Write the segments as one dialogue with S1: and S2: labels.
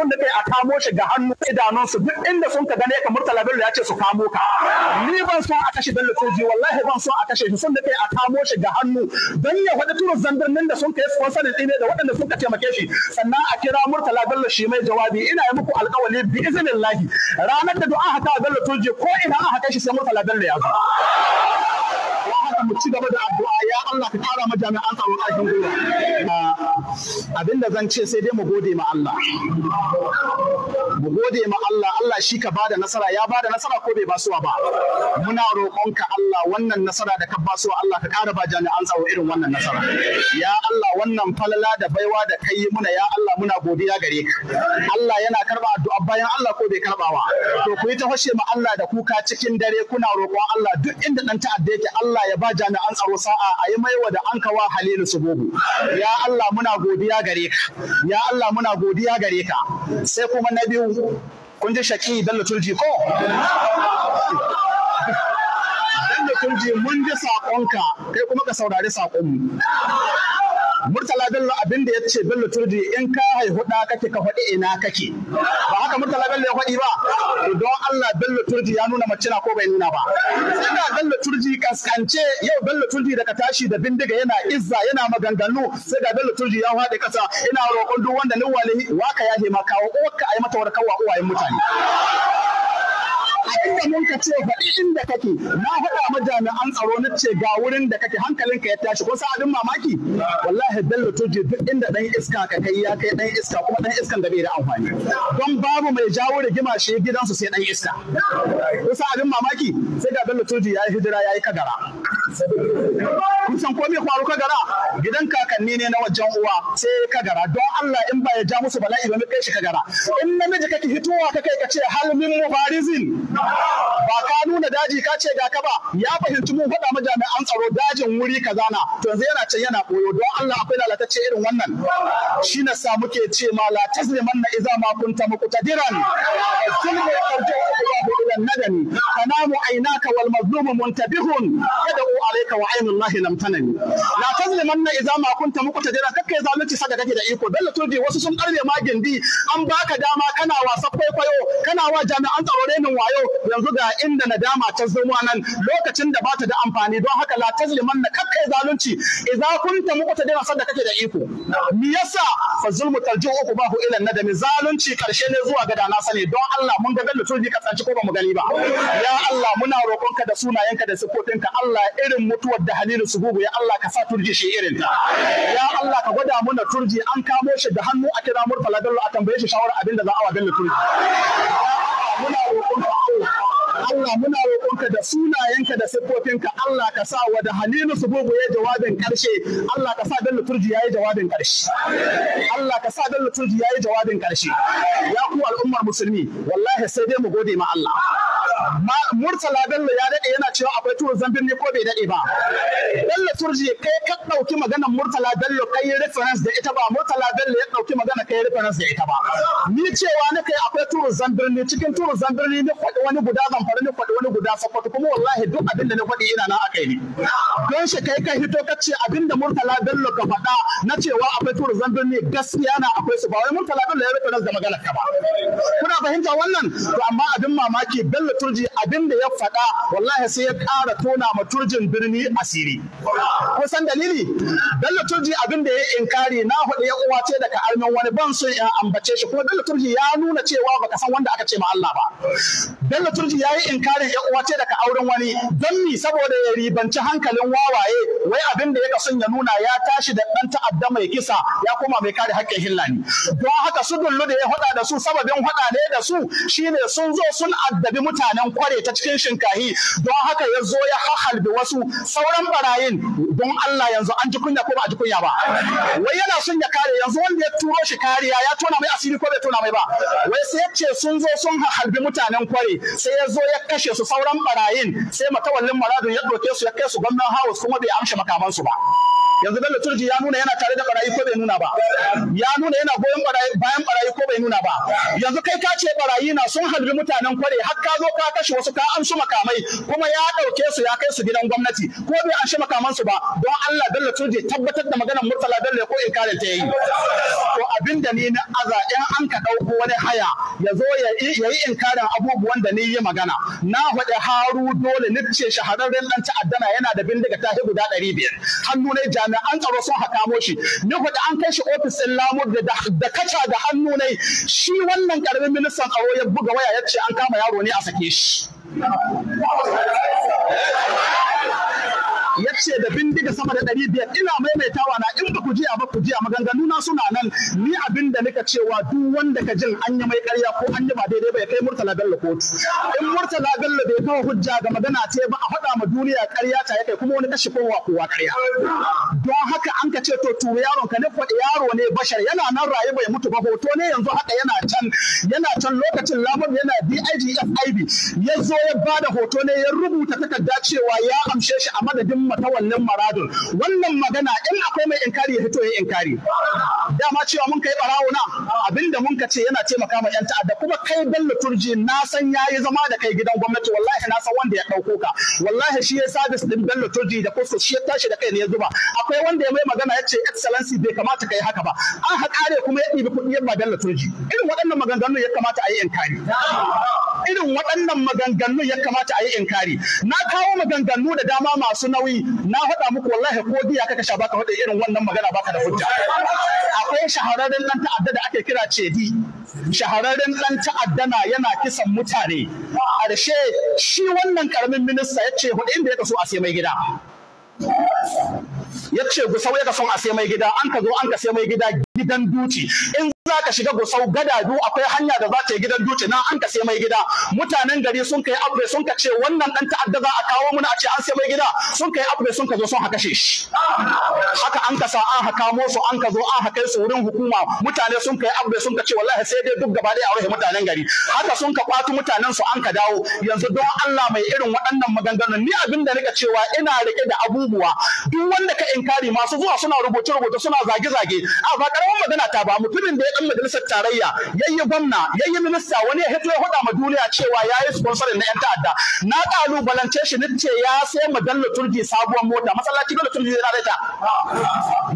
S1: sun da kai a kamo shi ga hannu idanunsu duk inda sun ka gane ka murtala bello ya ce su kamo ka ni ban so a kashe bello soji wallahi ban so a kashe shi sun da kai a kamo shi ga hannu don ya faɗi turu zandarnin da sun kai sponsor din ne da waɗanda sun ka taimake shi sannan a kira murtala bello shi mai jawabi ina yi muku alƙawari bi iznillahi ranar da du'a haka bello soji ko ina aka kai shi sai murtala bello ya zo mu ci gaba da addu'a ya Allah ka kara ma jami'an tsaro ƙarfin
S2: gwiwa
S1: abinda zan ce sai dai mu gode ma Allah
S2: mu gode ma Allah Allah
S1: shi ka bada nasara ya bada nasara ko bai basuwa ba muna roƙonka Allah wannan nasara da ka basuwa Allah ka ƙara ba jami'an tsaro irin wannan nasara ya Allah wannan falala da baiwa da kai muna ya Allah muna godiya gare ka Allah yana karba addu'a bayan Allah ko bai karbawa to ku yi ta hoshe ma Allah da kuka cikin dare kuna roƙon Allah duk inda dan ta'adda yake Allah ya ba jami'an tsaro sa'a a yi maiwa da an kawa halilu gobu ya Allah muna godiya gare ka ya Allah muna godiya gare ka sai kuma na biyu kun ji shaki bello turji ko dan turji mun ji saƙonka kai kuma ka saurari saƙonmu Murtala Bello abin da ya ce Bello Turdi, in ka haihu da kake ka faɗi ina kake. Ba haka Murtala Bello ya faɗi ba. don Allah Bello Turdi ya nuna mace na ko bai nuna
S2: ba. Ina
S1: Bello Turji kaskance yau Bello Turji daga tashi da bindiga yana izza yana maganganu sai ga Bello Turdi ya faɗi kasa ina roƙon duk wanda ni waka ya ma kawo ko ka yi mata warkarwa uwayen mutane. a inda mun ka ce faɗi inda kake na faɗa ma jami'an tsaro na ce ga wurin da kake hankalinka ya tashi ko sa'adin mamaki wallahi bello je duk inda dan iska ka kai ya kai dan iska kuma dan iskan da bai da amfani don babu mai jawo rigima shi gidansu sai dan iska ko sa'adin mamaki sai ga bello to ya yi hijira ya yi kadara kusan san ko ka gara kagara gidan kakanni ne na wajen uwa sai ka gara? don Allah in ba ya ja musu bala'i ba kai shi ka gara. in namiji kake hitowa ka kai ka ce halmin mubarizin ba ka nuna daji ka ce ga ka ba ya fahimci mu faɗa ma jami'an tsaro dajin wuri kaza na to yanzu yana can yana boyo don Allah akwai lalatacce irin wannan shi na sa muke ce ma la tazliman na iza ma kunta muqtadiran kullu yarju ila nadani تنام عيناك والمظلوم منتبه يدعو عليك وعين الله لم تنم لا تظلمن اذا ما كنت مقتدرا كك zalunci saka kake da iko dalla turdi wasu sun karbe ma gindi an baka dama kana wasa kwaikwayo kana wa jami'an tsaro renin wayo yanzu ga inda nadama ta zama nan lokacin da bata da amfani don haka la tazlimanna kakkai zalunci idza kunta muqtadira sada kake da iko me yasa fa zulmu tarji'u ubahu ila nadami zalunci karshe ne zuwa ga dana sani don Allah mun ga dalla turdi kasance ko ba mu gani ba ya Allah muna roƙonka da sunayenka da sifofinka Allah irin mutuwar da Halilu Sububu ya Allah ka sa turji shi irin ta ya Allah ka gwada muna turji an kamo shi da hannu a kira murtala dallo a tambaye shi shawara abin da za a wa Ya turji muna roƙonka Allah muna roƙonka da sunayenka da siffofinka Allah ka sa wa da Halilu Sububu ya jawabin ƙarshe Allah ka sa dan liturji yayi jawabin ƙarshe Allah ka sa dan liturji yayi jawabin ƙarshe ya ku al'ummar musulmi wallahi sai dai mu gode ma Allah Murtala Bello ya daɗe yana cewa akwai tuwo zambin ne ko bai daɗe ba. Bello Turji kai ka ɗauki magana Murtala Bello kai yi reference da ita ba Murtala Bello ya ɗauki magana kai reference da ita ba. Ni cewa na kai akwai tuwo zambin ne cikin tuwo zambin ne ni faɗi wani guda zamfara ni faɗi wani guda sakwato kuma wallahi duk abin da na faɗi ina na akai ne. Don shi kai ka hito ka ce abin da Murtala Bello ka faɗa na cewa akwai tuwo zambin ne gaskiya na akwai su ba wai Murtala Bello ya reference da magana ka ba. Kuna fahimta wannan? To amma abin mamaki Bello Turji turji abin da ya faɗa wallahi sai ya ƙara tona ma turjin birni asiri kusan dalili dalla turji abin da ya inkari na hudu ya uwa ce daga armin wani ban son ya ambace shi kuma dalla turji ya nuna cewa baka san wanda aka ce ma Allah ba dalla turji ya yi inkarin ya uwa ce daga auren wani don mi saboda ya ribanci hankalin wawaye wai abin da ya son ya nuna ya tashi da ɗan ta'adda mai kisa ya kuma mai kare haƙƙin hillani don haka su dullu da ya hada da su sababin hada da su shine sun zo sun addabi mutanen kware ta cikin shinkahi don haka ya zo ya hahalbe wasu sauran barayin don Allah yanzu an ji kunya ko ba a ji kunya ba wai yana son ya kare yanzu wanda ya turo shi kariya ya tona mai asiri ko bai tona mai ba wai sai ya ce sun zo sun hahalbi mutanen kware sai ya zo ya kashe su sauran barayin sai matawallin maradun ya ɗauke su ya kai su gwamnan house kuma bai amsha makamansu ba yanzu Bello Turji ya nuna yana tare da barayi ko bai nuna ba ya nuna yana goyon bayan barayi ko bai nuna ba yanzu kai ka ce barayi na sun halbi mutanen kware har ka zo ka kashe wasu ka amsu makamai kuma ya dauke su ya kai su gidan gwamnati ko bai amshi makaman su ba don Allah Bello Turji tabbatar da maganar Murtala Bello ko inkarin ta yayi to abinda ni na aza in an ka dauko wani haya ya zo ya yi inkarin abubuwan da ni yi magana na faɗi haru dole ni ce shahararren dan ta'addana yana da bindiga ta guda 500 hannu ne jami'a an tsaro sun hakamo shi ni faɗi an kai shi ofis ɗin lamur da kaca da hannu nai shi wannan karamin ministan tsaro ya buga waya ya ce an kama yaro ne a sake shi kashe da bindiga sama da ɗari biyar ina maimaitawa na in ba ku jiya ba ku jiya maganganu na suna nan ni abin da nika cewa duk wanda ka jin an yi mai ƙarya ko an yi ba daidai ba ya kai Murtala Bello kotu in Murtala Bello bai kawo hujja ga magana ce ba a faɗa ma duniya ƙarya ta ya kai kuma wani kashi kowa kowa ƙarya don haka an ka ce to turu yaron ka ne faɗi yaro ne bashar yana nan rayu bai mutu ba hoto ne yanzu haka yana can yana can lokacin lamar yana DIGFIB ya zo ya bada hoto ne ya rubuta takarda cewa ya amshe shi a madadin mata wannan maradun wannan magana in akwai mai inkari ya fito ya inkari dama cewa mun kai barawo na abinda mun ka ce yana taimaka ma yan ta'adda kuma kai bello turji na san ya yi zama da kai gidan gwamnati wallahi na san wanda ya dauko ka wallahi shi ya sabis din bello turji da kosto shi ya tashi da kai ne ya zuba akwai wanda ya mai magana ya ce excellency bai kamata kai haka ba an haƙare kuma ya ɗibi kuɗi ya ba bello turji irin waɗannan maganganun ya kamata a yi inkari irin waɗannan maganganun ya kamata a yi inkari na kawo maganganu da dama masu nauyi na haɗa muku wallahi ko biya kaka sha baka faɗa irin wannan magana baka da hujja akwai shahararren ɗan ta'adda da ake kira cedi shahararren ɗan ta'adda na yana kisan mutane ƙarshe shi wannan ƙaramin minista ya ce hudu inda ya kaso a sai mai gida ya ce gusau ya son a sai mai gida an ka zo an ka sai mai gida gidan duci za ka shiga gusau gadadu akwai hanya da za ta yi gidan dutse na an ka sai mai gida mutanen gari sun kai abu sun ka ce wannan dan ta'adda za a kawo muna a ce an sai mai gida sun kai abu sun ka zo sun haka shi haka an ka an haka mo su an ka zo an haka su wurin hukuma mutane sun kai abu sun ka ce wallahi sai dai duk gaba dai a rufe mutanen gari haka sun ka kwatu mutanen su an ka dawo yanzu don Allah mai irin waɗannan maganganun ni abin da nika cewa ina rike da abubuwa duk wanda ka inkari masu zuwa suna rubuce-rubuce suna zage-zage a ba karamin magana ta ba mutumin da ya dan majalisar tarayya yayi gwamna yayi minista wani ya hito ya faɗa ma duniya cewa ya yi sponsorin na yan ta'adda na kalubalance shi nace ya sai ma turji sabuwar mota masallaci dole turji zai na da ita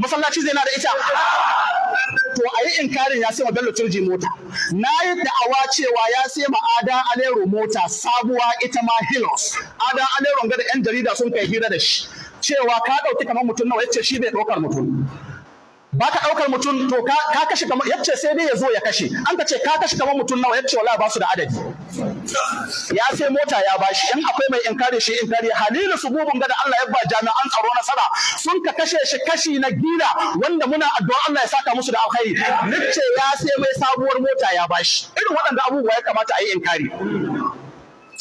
S1: masallaci zai na da ita to a yi inkarin ya sai ma bello turji mota na yi da'awa cewa ya sai ma ada alero mota sabuwa ita ma hilos ada alero ga da yan jarida sun kai hira da shi cewa ka ɗauki kamar mutum nawa yace shi bai ɗaukar mutum ba ka ɗaukar mutum to ka kashe kamar yace sai dai ya zo ya kashe an ka ce ka kashe kamar mutum nawa yace wala ba su da adadi ya sai mota ya bashi in akwai mai inkari shi inkari halilu sububun ga gada Allah ya ba jami'an tsaro nasara sun ka kashe shi kashi na gila wanda muna addu'a Allah ya saka musu da alkhairi nace ya sai mai sabuwar mota ya bashi irin waɗanda abubuwa ya kamata a yi inkari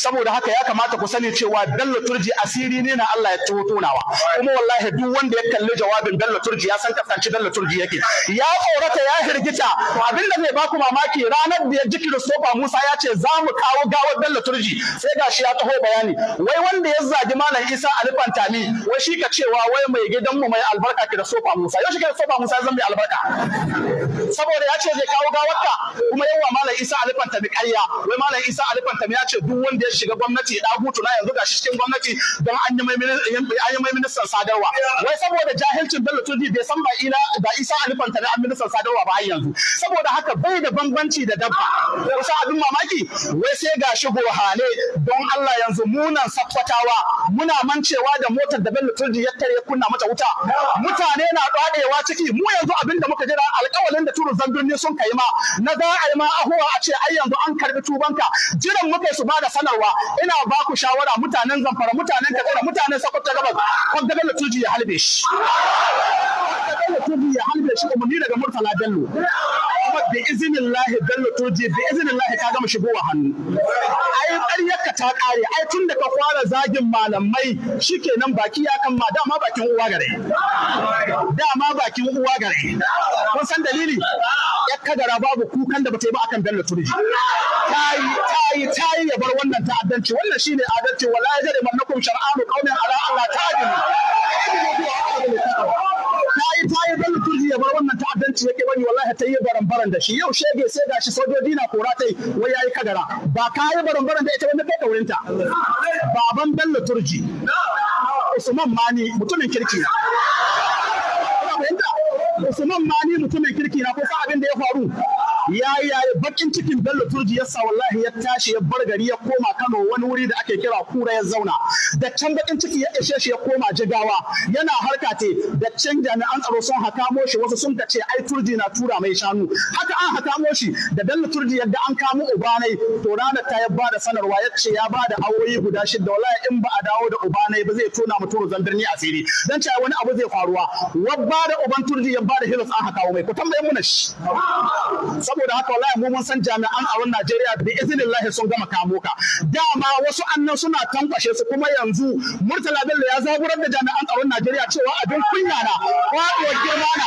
S1: saboda haka ya kamata ku sani cewa Bello Turji asiri ne na Allah ya tonawa kuma wallahi duk wanda ya kalli jawabin Bello Turji ya san kasance Bello Turji yake ya tsorata ya hirgita abinda zai baku mamaki ranar da ya ji sofa Musa ya ce za mu kawo gawar Bello Turji sai gashi ya taho bayani wai wanda ya zagi malam Isa Alfantami wai shi ka cewa wai mai gidan mu mai albarka sofa Musa yau shi sofa Musa zan mai albarka saboda ya ce zai kawo gawarka kuma yawa malam Isa Alfantami kayya, wai malam Isa Alfantami ya ce duk wanda ya shiga gwamnati hutu na yanzu gashi cikin gwamnati don an yi mai ministan sadarwa wai saboda jahilcin bello tudi bai san ba ila da isa alifanta na ministan sadarwa ba har yanzu saboda haka bai da bambanci da dabba kusa abin mamaki wai sai gashi gohale don Allah yanzu munan sakkwatawa muna mancewa da motar da bello tudi ya tare kunna mata wuta mutane na dadewa ciki mu yanzu abin da muka jira alƙawalin da turu zandunni sun kai ma na za a yi ma ahuwa a ce ai yanzu an karbi tubanka jiran muka su ba da sanarwa ba ina ba ku shawara mutanen zamfara mutanen kaduna mutanen sokoto gabas kwan da bello tuji ya halbe shi
S2: kwan da bello tuji
S1: ya halbe shi umarni daga murtala bello Ahmad bi izinin lahi bello turji bi izinin lahi ka gama shigowa hannu. Ai ƙaryarka ta kare ai tun da ka fara zagin malamai shikenan baki ya kan ma dama bakin uwa gare. Dama bakin uwa gare. Kun san dalili? Ya kadara babu kukan da bata yi ba akan bello turji. Tayi tayi ta ya bar wannan ta'addanci wannan shine adalci wala ya jare mannakum shar'anu qaumin ala Allah ta'dilu. Ta yi ta yi bello ya bar wannan ta'addanci yake bari wallahi ta yi barambaran da shi yau shege sai gashi sojoji na kora ta yi wai ya yi kadara ba ka yi barambaran da ita wani kai kaurin ta baban bello turji usman mani mutumin kirki na Usman Mani mutumin kirki na ko abin da ya faru ya ya bakin cikin Bello Turji yasa wallahi ya tashi ya bar gari ya koma Kano wani wuri da ake kira Kura ya zauna da can bakin ciki ya ishe shi ya koma Jigawa yana harka te da can jami'an tsaro sun hakamo shi wasu sun ce ai Turji na tura mai shanu haka an hakamo shi da Bello Turji yadda an kamo ubanai to ranar ta ya bada sanarwa ya ce ya bada awoyi guda shida wallahi in ba a dawo da ubanai ba zai tona mu mutum zandarni asiri dan cewa wani abu zai faruwa wabba da uban Turji ya bada hilas an hakawo mai ku tambaye mu na shi saboda haka wallahi mu mun san jami'an a wannan Najeriya bi iznillahi sun gama kamo ka dama wasu annan suna tankwashe su kuma yanzu Murtala Bello ya zaburar da jami'an tsaron Najeriya cewa abin kunya na faɗuwar girma na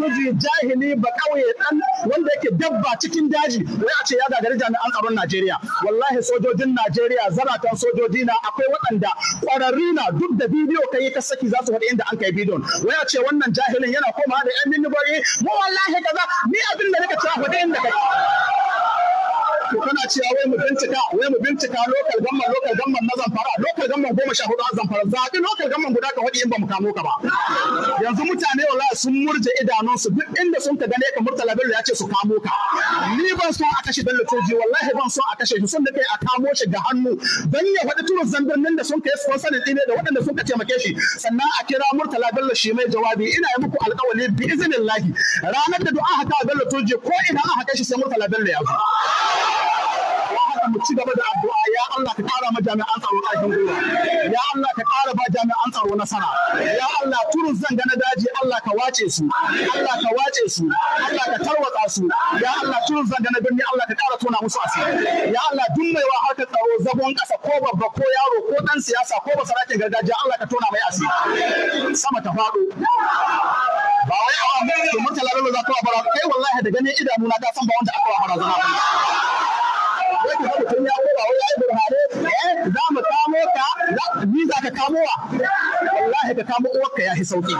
S1: sojoji jahili ba kauye dan wanda yake dabba cikin daji wai a ce ya gagari jami'an tsaron Najeriya wallahi sojojin Najeriya zaratan sojoji na akwai waɗanda ƙwararri na duk da bidiyo kai ka saki za su faɗi inda an kai bidiyon wai a ce wannan jahilin yana komawa da yan minibari mu wallahi kaza ni abin da nake cewa faɗi inda kai
S2: to kana cewa
S1: wai mu bincika wai mu bincika lokal gamman lokal gamman na zamfara lokal gamman goma sha hudu a zamfara zaɓi lokal gamman guda ka in ba mu kamo ka ba yanzu mutane wala sun murje idanunsu duk inda sun ka gane ka murtala bello ya ce su kamo ka ni ban so a kashe bello toji wallahi ban so a kashe shi sun da kai a kamo shi ga hannu dan ya faɗi turus zandarnin da sun kai sponsor wasa da waɗanda sun ka taimake shi sannan a kira murtala bello shi mai jawabi ina yi muku alƙawari bi izinin ranar da du'a haka bello toji ko ina aka kashe shi sai murtala bello ya zo mu ci gaba da addu'a ya Allah ka kara ma jami'an tsaro ƙarfin gwiwa ya Allah ka kara ba jami'an tsaro nasara ya Allah turun zanga na daji Allah ka wace su Allah ka wace su Allah ka tarwatsa su ya Allah turun zanga na birni Allah ka kara tona musu asiri ya Allah duk mai wa harkar tsaro zagon ƙasa ko babba ko yaro ko dan siyasa ko basarakin gargajiya Allah ka tona mai asiri sama ta faɗo ba wai a wani mutum lalo za ka wa bara kai wallahi da ganin idanu na ka san ba wanda aka wa barazana ba babu mutum ya koma wai yayi burhane eh za mu kamo ka ni ka kamo wa wallahi ka kamo uwarka ya hi sauki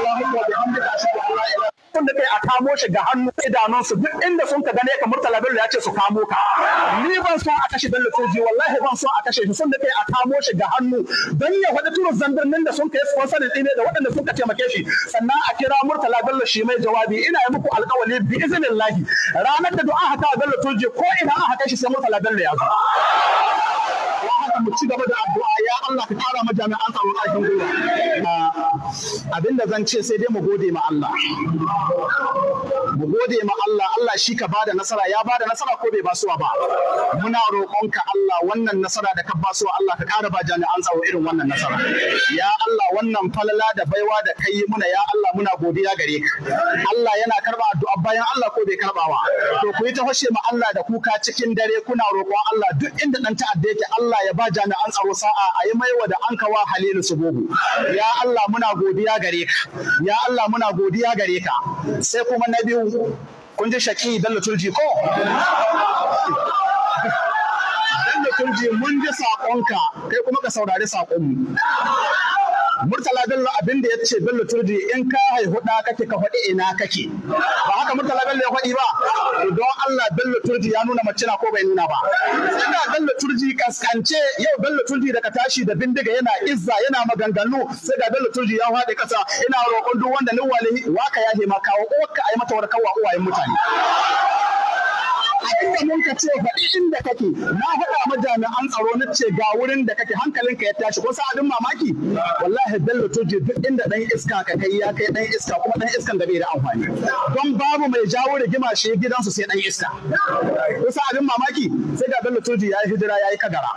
S1: اللهم وبحمدك اشهد sun da a kamo shi ga hannu idanunsu duk inda sun ka gane ka murtala bello ya ce su kamo ka ni ban so a kashe bello soji wallahi ban so a kashe shi sun da a kamo shi ga hannu don ya faɗi turu zandarnin da sun ka yi sponsor din da waɗanda sun ka taimake shi sannan a kira murtala bello shi mai jawabi ina yi muku alƙawari bi izinin lahi ranar da du'a haka bello soji ko ina a haka shi sai murtala bello ya zo. mu ci gaba da addu'a ya Allah ka kara majami'an tsaro a cikin gwiwa. Abin da zan ce sai dai mu gode ma Allah
S2: mu gode ma Allah Allah shi
S1: ka bada nasara ya bada nasara ko bai basuwa ba muna roƙonka Allah wannan nasara da ka basuwa Allah ka kara ba jami'an tsaro irin wannan nasara ya Allah wannan falala da baiwa da kai yi muna ya Allah muna godiya gare ka Allah yana karba addu'a bayan Allah ko bai karba ba to ku yi ta fashe ma Allah da kuka cikin dare kuna roƙon Allah duk inda ɗan ta'adda yake Allah ya ba jami'an tsaro sa'a a yi maiwa da an kawa Halilu Subugu ya Allah muna muna godiya gare ka ya Allah muna godiya gare ka sai kuma na biyu kun ji shaki bello turji ko bello turji mun ji saƙonka kai kuma ka saurari saƙonmu Murtala Bello abin da ya ce Bello Turdi in ka haihu da kake ka faɗi ina kake. Ba haka Murtala Bello ya faɗi ba. Don Allah Bello Turdi ya nuna mace na ko bai nuna ba. Ina Bello Turdi kaskance yau Bello Turji daga tashi da bindiga yana izza yana maganganu sai ga Bello Turdi ya faɗi kasa ina roƙon duk wanda ni waka ya ma kawo ko ka ayi mata warkarwa uwayen mutane. abin da mun ka ce faɗi inda kake na faɗa ma jami'an tsaro na ce ga wurin da kake hankalinka ya tashi ko sa'adin mamaki wallahi bello toje duk inda dan iska ka kai ya kai dan iska kuma dan iskan da bai da amfani don babu mai jawo rigima shi gidansu sai dan iska ko sa'adin mamaki sai ga bello toje ya yi hijira ya yi kagara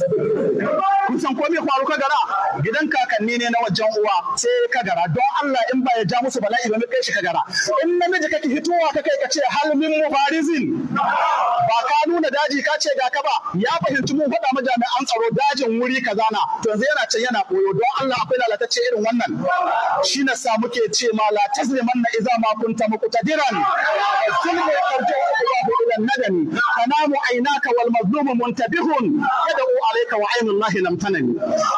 S1: kusan san ko faru ka gara gidan kakanni ne na wajen uwa sai ka gara don Allah in ba ya ja musu bala'i ba kai shi ka gara in namiji kake hitowa ka kai ka ce hal min mubarizin
S2: ba
S1: ka nuna daji ka ce ga ka ba ya fahimci mu faɗa ma jami'an tsaro dajin wuri kaza na to yanzu yana can yana koyo don Allah akwai lalatacce irin wannan shi na sa muke ce ma la tazliman na iza ma kunta muqtadiran والندم تنام عيناك والمظلوم منتبه يدعو عليك وعين الله لم تنم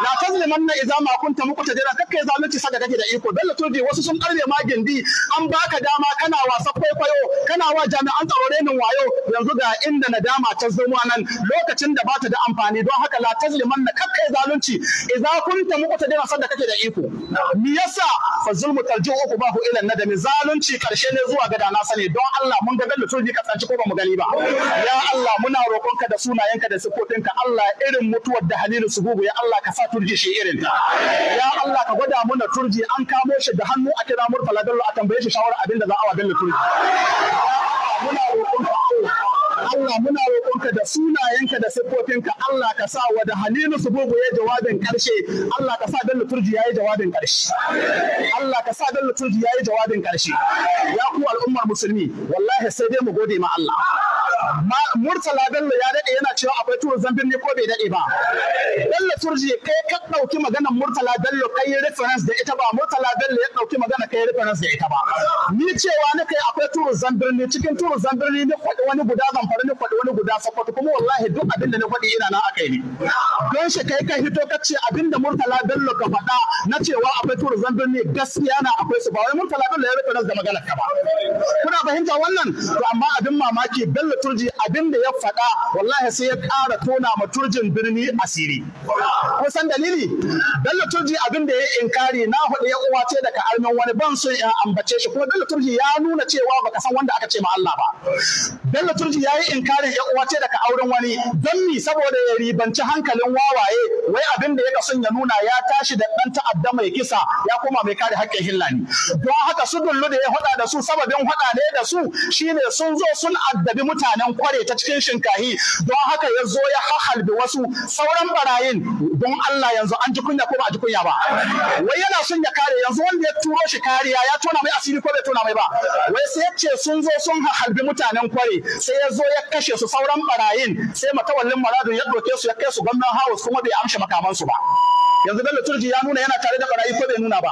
S1: لا تظلمن اذا ما كنت مقتدرا كك zalunci saka kake da iko dalla turji wasu sun karbe ma gindi an baka dama kana wasa kwaikwayo kana wa jami'an tsaro renin wayo yanzu ga inda nadama ta zama nan lokacin da bata da amfani don haka la tazlimanna kakka zalunci idza kunta muqtadira sadda kake da iko me yasa fa zulmu tarji'u ba bahu ila nadami zalunci karshe ne zuwa ga dana sani don Allah mun ga dalla turji ka tsanci ko ba mu gani hankali ba ya Allah muna roƙonka da sunayenka da sifofinka Allah irin mutuwar da Halilu Sububu ya Allah ka sa turji shi irin ta ya Allah ka gwada muna turji an kamo shi da hannu a kira murfa dallo a tambaye shi shawara abin da za a wa dallo turji muna roƙonka Allah muna roƙonka da sunayenka da siffofinka Allah ka sa wa da Halilu Sububu ya jawabin ƙarshe Allah ka sa dan turji yayi jawabin ƙarshe Allah ka sa dan turji yayi jawabin ƙarshe ya ku al'ummar musulmi wallahi sai dai mu gode ma Allah Murtala Bello ya daɗe yana cewa akwai turzan birni ko bai daɗe ba. Bello Turji kai ka ɗauki maganar Murtala Bello kai yi reference da ita ba Murtala Bello ya ɗauki magana kai yi reference da ita ba. Ni cewa na kai akwai turzan birni cikin turzan birni ni kwaɗi wani guda zamfara ni kwaɗi wani guda sakwato kuma wallahi duk abin da na kwaɗi ina na akai ne. Don shi kai ka hito ka ce abin da Murtala Bello ka faɗa na cewa akwai turzan birni gaskiya na akwai su ba wai Murtala Bello ya reference da maganar ka ba. Kuna fahimta wannan to amma abin mamaki Bello Turji abin da ya faɗa wallahi sai ya ƙara tona ma turjin birni asiri kusan dalili bello turji abin da ya inkari na hudu ya uwa ce daga armen wani ban so in ambace shi kuma bello turji ya nuna cewa baka san wanda aka ce ma Allah ba bello turji ya yi inkarin ya uwa ce daga auren wani don mi saboda ya ribanci hankalin wawaye wai abin da ya son ya nuna ya tashi da ɗan ta'adda mai kisa ya koma mai kare hakkin haƙƙin hillani don haka su dullu da ya haɗa da su sababin haɗa ne da su shine sun zo sun addabi mutanen kware ta cikin shinkahi don haka ya zo ya hahalbe wasu sauran barayin don Allah yanzu an ji kunya ko ba a ji kunya ba wai yana son ya kare yanzu wanda ya turo shi kariya ya tona mai asiri ko bai tona mai ba wai sai ya ce sun zo sun halbi mutanen kware sai ya zo ya kashe su sauran barayin sai matawallin maradun ya ɗauke su ya kai su gwamnan house kuma bai amshe makamansu ba yanzu bello turji ya nuna yana tare da barayi ko bai nuna ba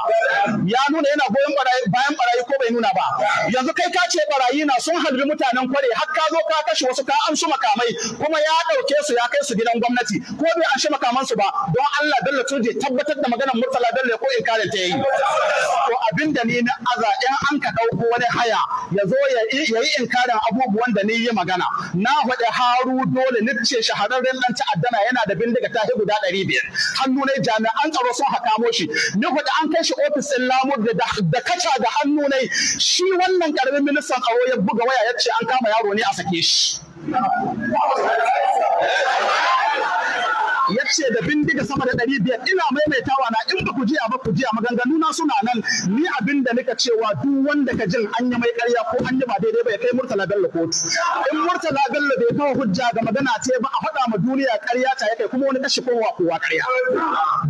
S1: ya nuna yana goyon bayan barayi ko bai nuna ba yanzu kai ka ce barayi na sun halbi mutanen kware har ka zo ka kashe wasu ka amshi makamai kuma ya dauke su ya kai su gidan gwamnati ko bai amshi makaman su ba don Allah bello turji tabbatar da maganar murtala bello ko inkarin ta yi to abinda ni na aza in an ka dauko wani haya ya zo ya yi inkarin abubuwan da ni yi magana na faɗi haru dole ni ce shahararren dan ta'addana yana da bindiga ta guda 500 hannu ne jami'a an tsaro sun hakamo shi na hudu an kai shi ofis ɗin lamur da kaca da hannu ne shi wannan karamin ministan tsaro ya buga waya ya ce an kama yaro ne a sake shi ce da bindiga sama da ɗari biyar ina maimaitawa na in ba ku jiya ba ku jiya maganganu na suna nan ni abin da nika cewa duk wanda ka jin an yi mai ƙarya ko an yi ba daidai ba ya kai Murtala Bello kotu in Murtala Bello bai kawo hujja ga magana ce ba a faɗa ma duniya ƙarya ta ya kai kuma wani kashe kowa kowa ƙarya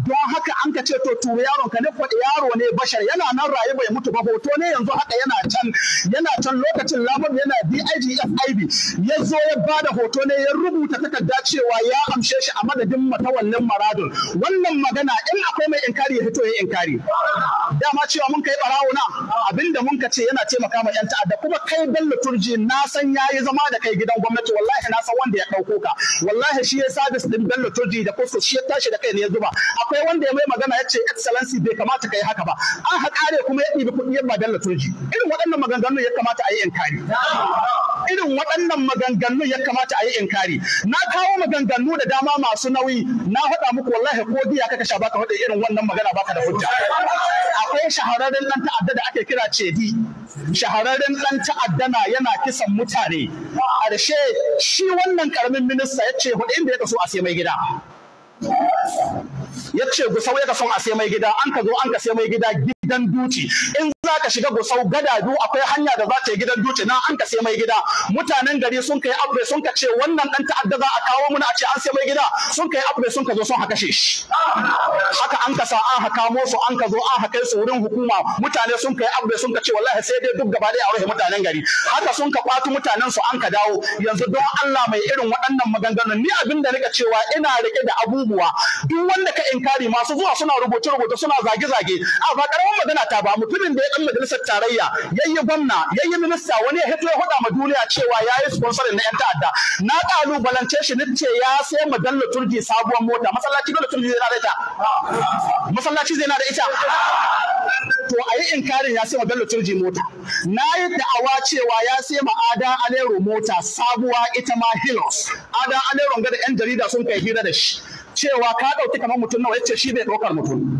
S1: don haka an ka ce to turu yaron ka ne ko yaro ne bashar yana nan raye bai mutu ba hoto ne yanzu haka yana can yana can lokacin labar yana DIGFIB ya zo ya bada hoto ne ya rubuta takarda cewa ya amshe shi a madadin na wannan maradun wannan magana in akwai mai inkari ya fito ya inkari dama cewa mun kai barawo na abinda mun ka ce yana taimaka ma yan ta'adda kuma kai bello turji na san yayi zama da kai gidan gwamnati wallahi na san wanda ya dauko ka wallahi shi ya sabis din bello turji da kusa shi ya tashi da kai ne ya zuba akwai wanda ya mai magana ya ce excellency bai kamata kai haka ba an kare kuma ya ɗibi kuɗi yamma bello turji irin waɗannan maganganun ya kamata a yi inkari irin waɗannan maganganun ya kamata a yi inkari na kawo maganganu da dama masu nauyi na faɗa muku wallahi ko giya kaka sha baka faɗa irin wannan magana baka da hujja akwai shahararren dan ta'adda da ake kira cedi shahararren dan ta'adda na yana kisan mutane ƙarshe shi wannan karamin minista ya ce hudu inda ya kaso a sai mai gida yace ce gusau ya son a sai mai gida an ka zo an ka sai mai gida gidan duci in za ka shiga gusau gada du akwai hanya da za ta yi gidan duci na an ka sai mai gida mutanen gari sun kai abre sun ka ce wannan dan ta'adda za a kawo muna a ce an sai mai gida sun kai abre sun ka zo sun haka shi haka an ka sa an haka su an ka zo an haka su wurin hukuma mutane sun kai abre sun ka ce wallahi sai dai duk gaba ɗaya a rufe mutanen gari haka sun ka kwatu mutanen su an ka dawo yanzu don Allah mai irin waɗannan maganganun ni abin da nika cewa ina rike da abubuwa duk wanda ka in inkari masu zuwa suna rubuce rubuce suna zage zage a ba karamin magana ta ba mutumin da ya dan majalisar tarayya yayi gwamna yayi minista wani ya hito ya faɗa ma duniya cewa yayi sponsor na yan ta'adda na balance shi ce ya sai ma dalla turji sabuwar mota masallaci dalla turji zai na da
S2: ita
S1: masallaci zai na ita to a inkarin ya sai ma bello turji mota na yi da'awa cewa ya sai ma ada alero mota sabuwa ita ma hilos ada alero ga da yan jarida sun kai hira da shi cewa ka ɗauki kamar mutum nawa yace shi bai ɗaukar mutum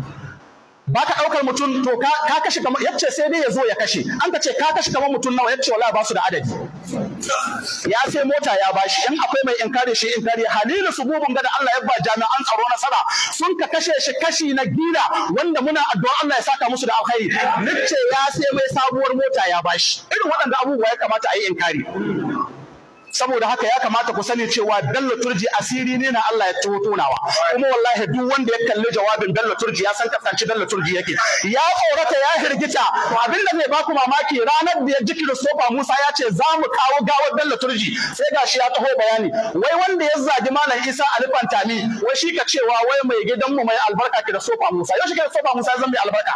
S1: ba ka ɗaukar mutum to ka kashe kamar yace sai dai ya zo ya kashe an ka ce ka kashe kamar mutum nawa yace wala ba su da adadi ya sai mota ya bashi in akwai mai inkari shi inkari halilu sububun gada Allah ya ba jami'an tsaro na nasara sun ka kashe shi kashi na gida wanda muna addu'a Allah ya saka musu da alkhairi nace ya sai mai sabuwar mota ya bashi irin waɗanda abubuwa ya kamata a yi inkari saboda haka ya kamata ku sani cewa Bello Turji asiri ne na Allah ya tunawa. kuma wallahi duk wanda ya kalli jawabin Bello Turji ya san kasance Bello Turji yake ya tsorata ya hirgita abin da zai baku mamaki ranar da ya ji Christopher Musa ya ce za mu kawo gawar Bello Turji sai gashi ya taho bayani wai wanda ya zagi Malam Isa Alfantami wai shi ka cewa wai mai gidan mu mai albarka da Christopher Musa yau shi Christopher Musa zan mai albarka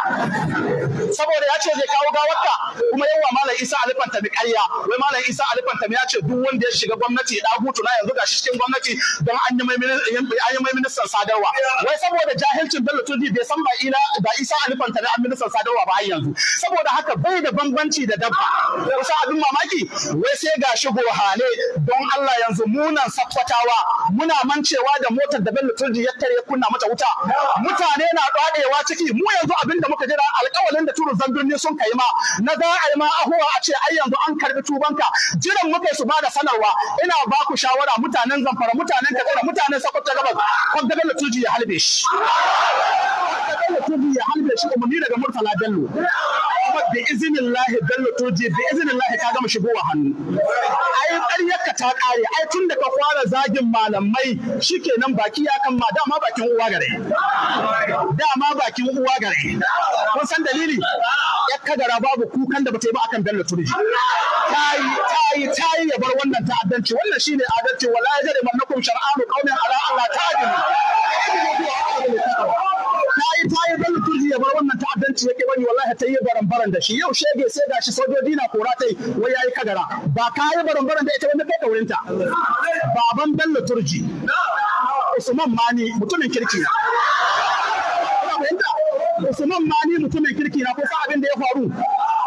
S1: saboda ya ce zai kawo gawarka kuma yawa Malam Isa Alfantami ƙarya wai Malam Isa Alfantami ya ce duk wanda zai shiga gwamnati da dagutu na yanzu gashi cikin gwamnati don an yi mai ministan sadarwa wai saboda jahilcin Bello Turji bai san ba ila da Isa Ali fanta an ministan sadarwa ba har yanzu saboda haka bai da bambanci da dabba kusa abin mamaki wai sai gashi gohane don Allah yanzu munan sakwatawa muna mancewa da motar da Bello Turji ya tare kunna mata wuta mutane na dadewa ciki mu yanzu abin da muka jira alƙawalin da turu ne sun kai ma na za a yi ma ahuwa a ce ai yanzu an karbi tubanka jiran muka su ba da sanarwa cewa ina ba ku shawara mutanen zamfara mutanen katsina mutanen sokoto gabas kwanta bello tuji halbe shi bello tuji ya halbe shi murtala bello kuma bi izinin lahi bello toje bi izinin lahi ka gama shigo a hannu ai ƙaryarka ta ƙare ai tun da ka fara zagin malamai shikenan baki ya kan ma dama bakin uwa gare dama bakin uwa gare kun san dalili ya kadara babu kukan da bata yi ba akan bello turji tayi tayi tayi ya bar wannan ta'addanci wannan shine adalci wala ya jare mannakum shar'anu qaumin ala Allah ta'dilu kayi yi bello turji ya bar wannan ta'addanci yake bani wallahi ta yi baran da shi yau shege sai shi sojoji na kora tai wai yayi kadara ba kayi baran baran da ita wani kai kaurinta baban bello turji Usman Mani mutumin kirki na. Usman Mani mutumin kirki na ko abin da ya faru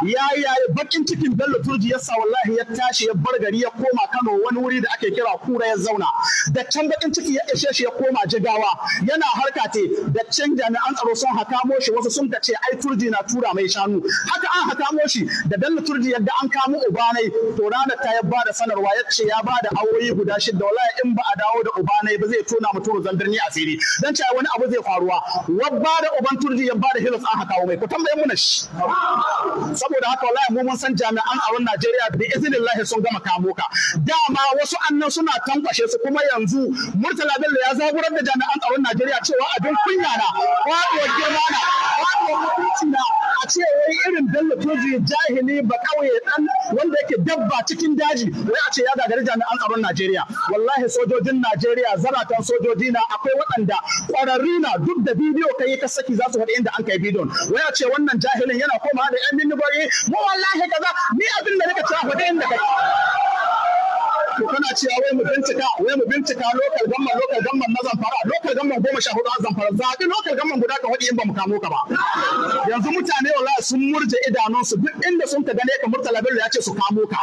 S1: ya yi bakin cikin Bello Turji ya sa wallahi ya tashi ya bar gari ya koma Kano wani wuri da ake kira Kura ya zauna da can bakin ciki ya ishe shi ya koma Jigawa yana harka te da can jami'an tsaro sun hakamo shi wasu sun ce ai Turji na tura mai shanu haka an hakamo shi da Bello Turji yadda an kamo ubanai to ranar ta ya da sanarwa ya ce ya bada awoyi guda shida wallahi in ba a dawo da ubanai ba zai tona mu mutum zambirni asiri dan cewa wani abu zai faruwa wabba da uban Turji ya bada hilas an hakawo mai ku tambaye mu na shi saboda haka wallahi mu mun san jami'an aron Najeriya bi iznillahi sun gama kamo ka dama wasu annan suna tankwashe su kuma yanzu Murtala Bello ya zaburar da jami'an tsaron Najeriya cewa abin kunya na faɗuwar girma na faɗuwar mutunci na a wai irin bello toji jahili ba kauye dan wanda yake dabba cikin daji wai a ce ya gagari jami'an tsaron Najeriya wallahi sojojin Najeriya zaratan sojoji na akwai waɗanda kwararri na duk da bidiyo kai yi ta saki za su faɗi inda an kai bidiyon wai a ce wannan jahilin yana komawa da yan minibari mu wallahi kaza ni abin da nake cewa faɗi inda kai to kana cewa wai mu bincika wai mu bincika lokal gamman local gamman na zamfara lokal gamman goma sha hudu a zamfara zaɓi lokal gamman guda ka faɗi in ba mu kamo ka ba yanzu mutane wallahi sun murje idanunsu duk inda sun ka gane ka murtala bello ya ce su kamo ka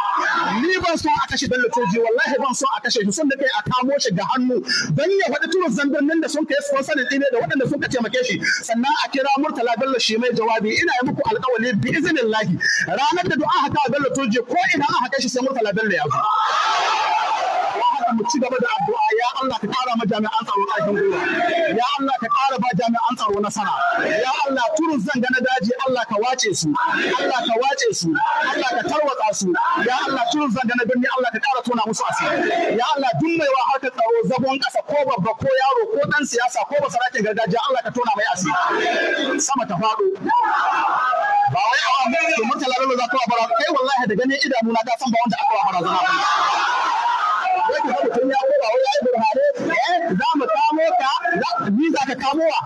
S1: ni ban so a kashe bello toji wallahi ban so a kashe shi sun da kai a kamo shi ga hannu dan ya faɗi turun zandan nan da sun kai sponsor din ne da waɗanda sun ka taimake shi sannan a kira murtala bello shi mai jawabi ina yi muku alƙawari bi izinin lahi ranar da du'a haka bello toji ko ina aka kashe sai murtala bello ya zo mu ci gaba da addu'a ya Allah ka kara ma jami'an tsaro ƙarfin gwiwa ya Allah ka kara ba jami'an tsaro nasara ya Allah turun zanga na daji Allah ka wace su Allah ka wace su Allah ka tarwatsa su ya Allah turun zanga na birni Allah ka kara tona musu asiri ya Allah duk mai wa harkar tsaro zagon ƙasa ko babba ko yaro ko dan siyasa ko sarake gargajiya Allah ka tona mai asiri sama ta faɗo ba wai a wani murtala bello za ka wa barazana kai wallahi da ganin idanu na ka san ba wanda aka wa barazana ba ka mutum ya za mu kamo ka za ka kamo wa